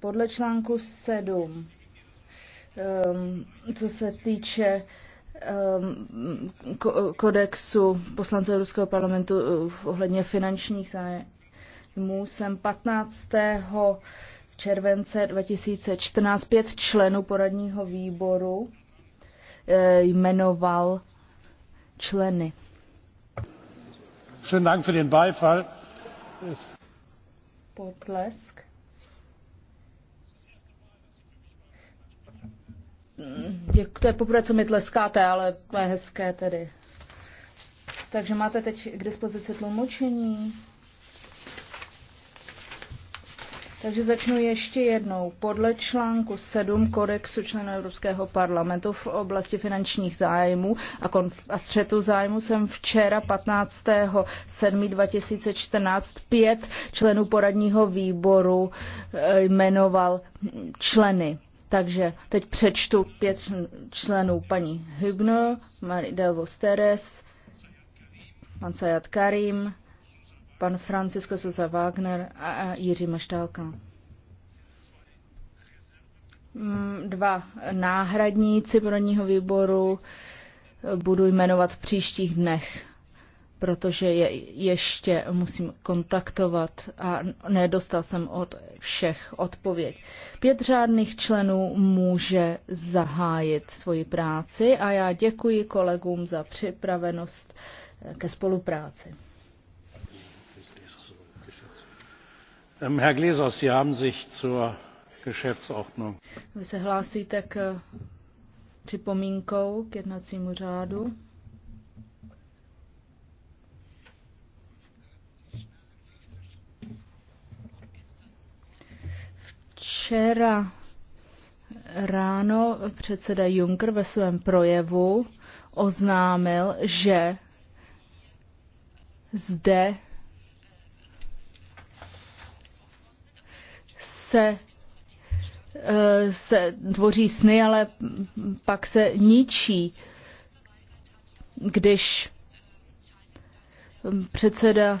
Podle článku 7, um, co se týče um, kodexu poslance Evropského parlamentu uh, ohledně finančních zájmů, jsem 15 července 2014 pět členů poradního výboru eh, jmenoval členy. Schönen Dank für den Beifall. Potlesk. Děkuji, to je poprvé, co mi tleskáte, ale to je hezké tedy. Takže máte teď k dispozici tlumočení. Takže začnu ještě jednou. Podle článku 7 Kodexu členů Evropského parlamentu v oblasti finančních zájmů a, konf- a střetu zájmu jsem včera 15. 7. 2014 pět členů poradního výboru eh, jmenoval členy takže teď přečtu pět členů paní Hübner, Marie Delvos Teres, pan Sayat Karim, pan Francisco Sosa Wagner a Jiří Maštálka. Mm, dva náhradníci proního výboru budu jmenovat v příštích dnech protože je ještě musím kontaktovat a nedostal jsem od všech odpověď. Pět řádných členů může zahájit svoji práci a já děkuji kolegům za připravenost ke spolupráci. Ähm, Herr Gläsers, Sie haben sich zur Geschäftsordnung. Vy se hlásíte k připomínkou k jednacímu řádu. Včera ráno předseda Juncker ve svém projevu oznámil, že zde se, eh, se tvoří sny, ale pak se ničí. Když předseda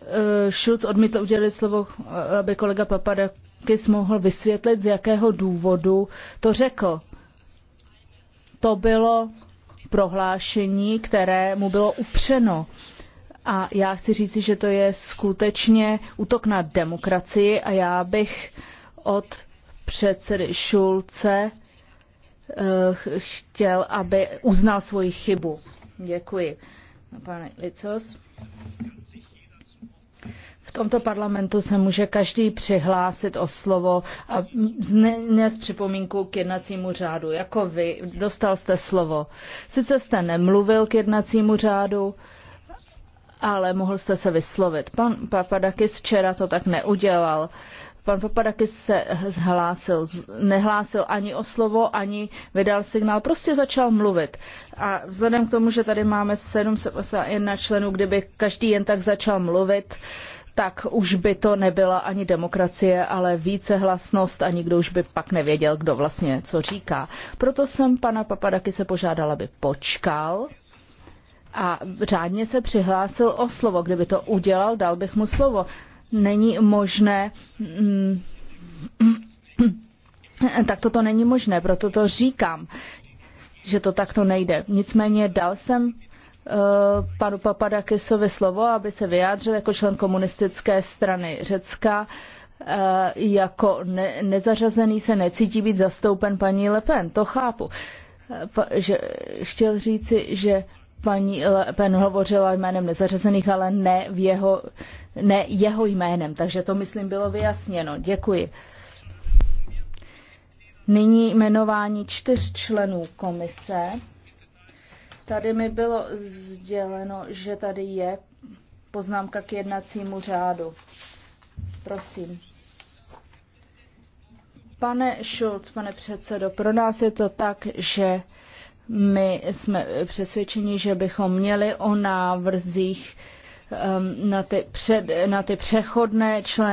eh, Schulz odmítl udělit slovo, eh, aby kolega Papada bys mohl vysvětlit, z jakého důvodu to řekl. To bylo prohlášení, které mu bylo upřeno. A já chci říci, že to je skutečně útok na demokracii a já bych od předsedy Šulce eh, chtěl, aby uznal svoji chybu. Děkuji. Pane Licos tomto parlamentu se může každý přihlásit o slovo a dnes připomínku k jednacímu řádu. Jako vy, dostal jste slovo. Sice jste nemluvil k jednacímu řádu, ale mohl jste se vyslovit. Pan Papadakis včera to tak neudělal. Pan Papadakis se zhlásil, nehlásil ani o slovo, ani vydal signál, prostě začal mluvit. A vzhledem k tomu, že tady máme 71 členů, kdyby každý jen tak začal mluvit, tak už by to nebyla ani demokracie, ale více hlasnost a nikdo už by pak nevěděl, kdo vlastně co říká. Proto jsem pana Papadaky se požádala, aby počkal a řádně se přihlásil o slovo. Kdyby to udělal, dal bych mu slovo. Není možné. Mm, tak toto není možné, proto to říkám, že to takto nejde. Nicméně dal jsem Eh, panu Papadakisovi slovo, aby se vyjádřil jako člen komunistické strany Řecka. Eh, jako ne, nezařazený se necítí být zastoupen paní Le Pen, to chápu. Eh, pa, že, chtěl říci, že paní Le Pen hovořila jménem nezařazených, ale ne, v jeho, ne jeho jménem, takže to myslím bylo vyjasněno. Děkuji. Nyní jmenování čtyř členů komise. Tady mi bylo sděleno, že tady je poznámka k jednacímu řádu. Prosím. Pane Schulz, pane předsedo, pro nás je to tak, že my jsme přesvědčeni, že bychom měli o návrzích um, na, ty před, na ty přechodné členy